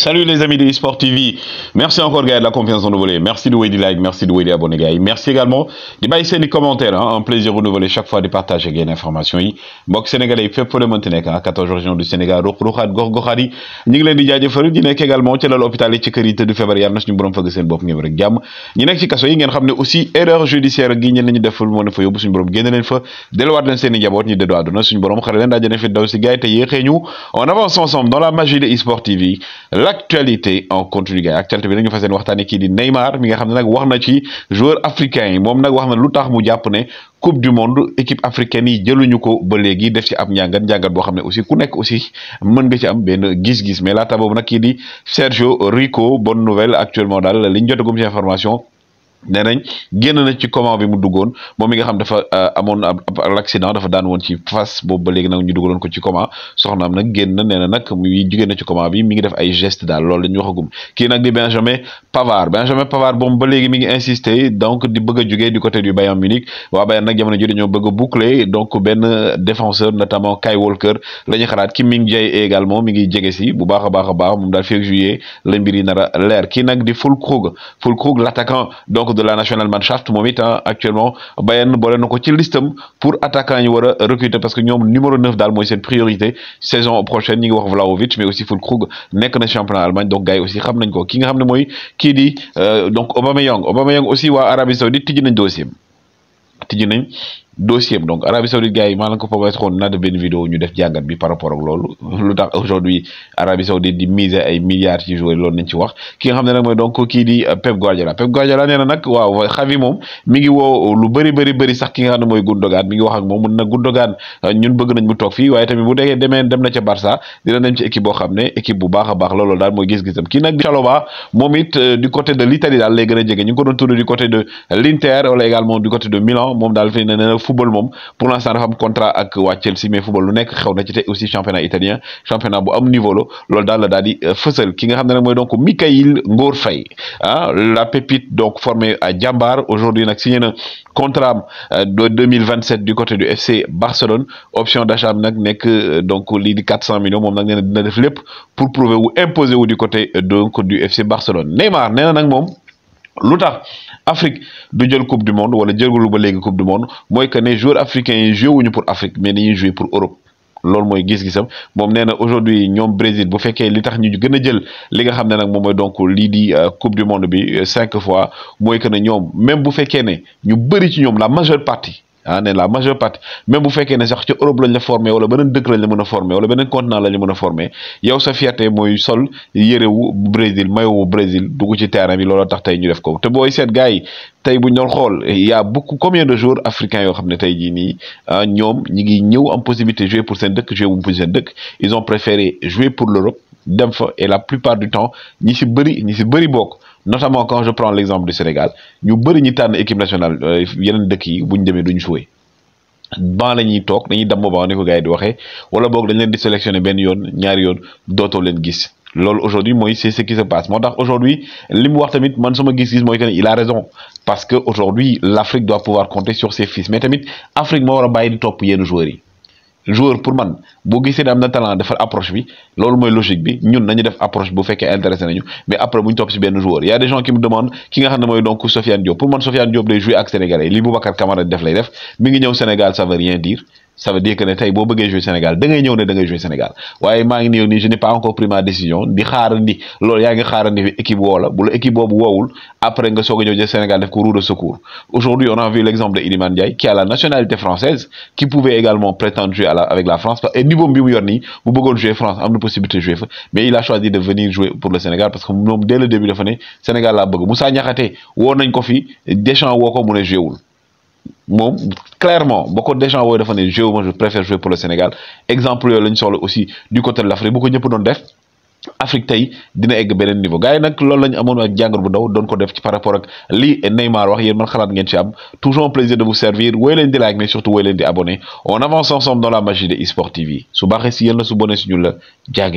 Salut les amis de eSport TV. Merci encore gars de la confiance en renouvelée. Merci de vous des likes, merci de vous des abonnés gars. Merci également de baisser les commentaires. Hein. Un plaisir renouvelé chaque fois de partager les informations. Mbok Sénégalais fait pour le Monténégro, 14 régions du Sénégal. Rokh Rokhat Gokh Gokhari. Ñi ngi leen di jaajëfal di nekk également ci lal hôpital yi ci kër yi tëdd feebar yàlla na suñu borom fëgg seen bopp ngeen rek jàmm. Ñi nekk ci kaso yi ngeen xam aussi erreur judiciaire gi ñeen lañu deful moo ne fa yóbbu suñu borom génne leen fa delluwaat leen seen i njaboot ñu déddu àdduna suñu borom xare leen daajane fi daw si gars yi te yéexee on avance ensemble dans la magie de eSport TV l'actualité en continu gars actualité bi nañu fas waxtane ki di Neymar mi nga xam nak waxna ci joueur africain mom nak waxna lutax na lu tax mu coupe du monde équipe africaine yi jëluñu ko ba légui def ci ab njàngat njàngat bo xam aussi ku nek aussi mën nga ci am ben gis-gis mais laata boobu nak ki di Sergio Rico bonne nouvelle actuellement daal liñ gum ci information nee nañ génn na ci comment bi mu duggoon moom mi nga xam dafa euh, amoon l' accident dafa daan woon ci face boobu ba léegi nag ñu dugaloon ko ci coma soxnaam nag génn nee na nag muy jugee na ci comment bi mi ngi def ay geste daal loolu la ñu waxagum kii nag di Benjamin pavar Benjamin pavar moom ba léegi mi ngi insister donc di bëgg a jugee du côté du Bayern Munich waa Bayern nag jamono ji dañoo bëgg a boucler donc benn défenseur notamment Kyle Walker la ñuy xalaat ki ngi jay également mi ngi jege si bu baax a baax a baax moom daal fii ak juillet la mbir yi nar a leer kii nag di Füllkrug Füllkrug l' attaquant donc de la national Mannschaft hein, actuellement Bayern boole a ci listam pour attaquer yi recruter parce que sommes numéro 9 d'Allemagne, c'est une priorité saison prochaine ñi wax Vlahovic mais aussi Füllkrug n'est na championnat d'Allemagne. donc y a aussi xam nañ ko ki nga Obama Young, Obama Young di euh, donc Aubameyang Aubameyang aussi waa Arabie Saoudite tijji nañ dossier tijji nañ. dossier am donc Arabie Saoudite gars yi maa la ko promet benn vidéo ñu def jàngat bi par rapport ak loolu lu tax aujourd'hui Arabie Saoudite di miser ay milliards ci joueurs loolu nañ ci wax ki nga xam ne nag mooy donc kii di euh, Pep Guardiola Pep Guardiola nee na nag waaw Xavi moom mi ngi woo lu bëri bëri bëri sax ki nga xam ne mooy Gundogan mi ngi wax ak moom mun na Gundogan euh, ñun bëgg nañ mu toog fii waaye tamit bu degee demee dem na ca Barça dina euh, de football mom pour l'instant dafa am contrat avec Chelsea mais football lu nekk ci aussi championnat italien championnat bu am niveau lo, loolu daal la dadi di qui euh, ki nga donc Mikaïl Ngor ah, la pépite donc formé à Djambar aujourd'hui nak signé na contrat euh, de 2027 du côté du FC Barcelone option d'achat nak nekk euh, donc li di 400 millions mom nak pour prouver ou imposer ou du côté donc du FC Barcelone Neymar nee nak mom lu Afrique du jël coupe du monde wala jëlul ba léegi coupe du monde moy que ne joueurs africains yi wuñu pour Afrique mais dañuy joué pour Europe l'homme moy gis-gisam mom nee aujourd'hui ñom Brésil bu féké li tax ñu gëna jël li nga xamné nak mom moy donc li di euh, coupe du monde bi euh, cinq fois moy que ne ñom même bu féké ne ñu bëri ci ñom la majeure partie ah la majeure partie même bu fekkee ne sax ci Europe lañ la formé wala benen dëkk lañ la mëna formé wala benen continent a yow sa fierté sol Brésil mayowu Brésil ci terrain bi lolo tax tay ñu def ko bu Il y a beaucoup combien de jours, africains yo ont tay ji qui ont ñi ngi ñew am possibilité jouer pour sen jouer pour ils ont préféré jouer pour l'Europe dem et la plupart du temps ñi si bëri ñi notamment quand je prends l'exemple du Sénégal ñu bari ñi tànn équipe nationale euh, yeneen dëkk yi buñ démé duñ duñu joué ban la ñuy dañuy damm ba ni ko gars di waxé wala bok dañ leen di sélectionner ben yoon ñaar yoon doto leen gis loolu aujourd'hui moy c'est ce qui se passe motax aujourd'hui limu wax tamit man sama gis-gis que il a raison parce que aujourd'hui l'Afrique doit pouvoir compter sur ses fils mais tamit Afrique mo wara a di top yenn joueurs yi joueur pour man si gisee ne am na talent defar approche bi loolu moy logique bi ñun nañu def approche bu féké intéressé nañu mais après nous, top ci si joueurs. Il y a des gens qui me demandent ki nga xamné moy donc Sofiane Diop pour man Sofiane Diop day jouer ak sénégalais li Boubacar camara def lay def mi ngi au Sénégal ça veut rien dire ça veut dire que ne tey boo jouer Sénégal da ngay ñëw ne da ngay jouer Sénégal waaye ma ngi ñëw ni je n'ai pas encore pris ma décision di ni loolu yaa ngi xaarandi fi équipe wo la bu le équipe bobu après nga soog ñëw jël Sénégal def ko roue de secours aujourd'hui on a vu l'exemple de Iliman qui a la nationalité française qui pouvait également prétendre jouer à la avec la France et niveau bi mu yor nii en jouer France am possibilité de jouer mais il a choisi de venir jouer pour le Sénégal parce que mom dès le début dafa né Sénégal la bëgg Moussa Niakhaté wo nañ ko fi Deschamps woo ko mu né joué mom clairement beaucoup de gens wooyu dafa ne moi je préfère jouer pour le Sénégal exemple yooyu la ñu aussi du côté de l'Afrique beaucoup bu ko ñëpp doon def Afrique tay dina egg beneen niveau gars yi nag loolu la ñu ak jangor bu daw doon ko def ci par rapport ak li Neymar wax yéen man xalat ngeen ci am toujours un plaisir de vous servir wooy leen di like mais surtout wooy leen di abonner on avance ensemble dans la magie de eSport TV su baaxee si yéen la su bonné si la jaa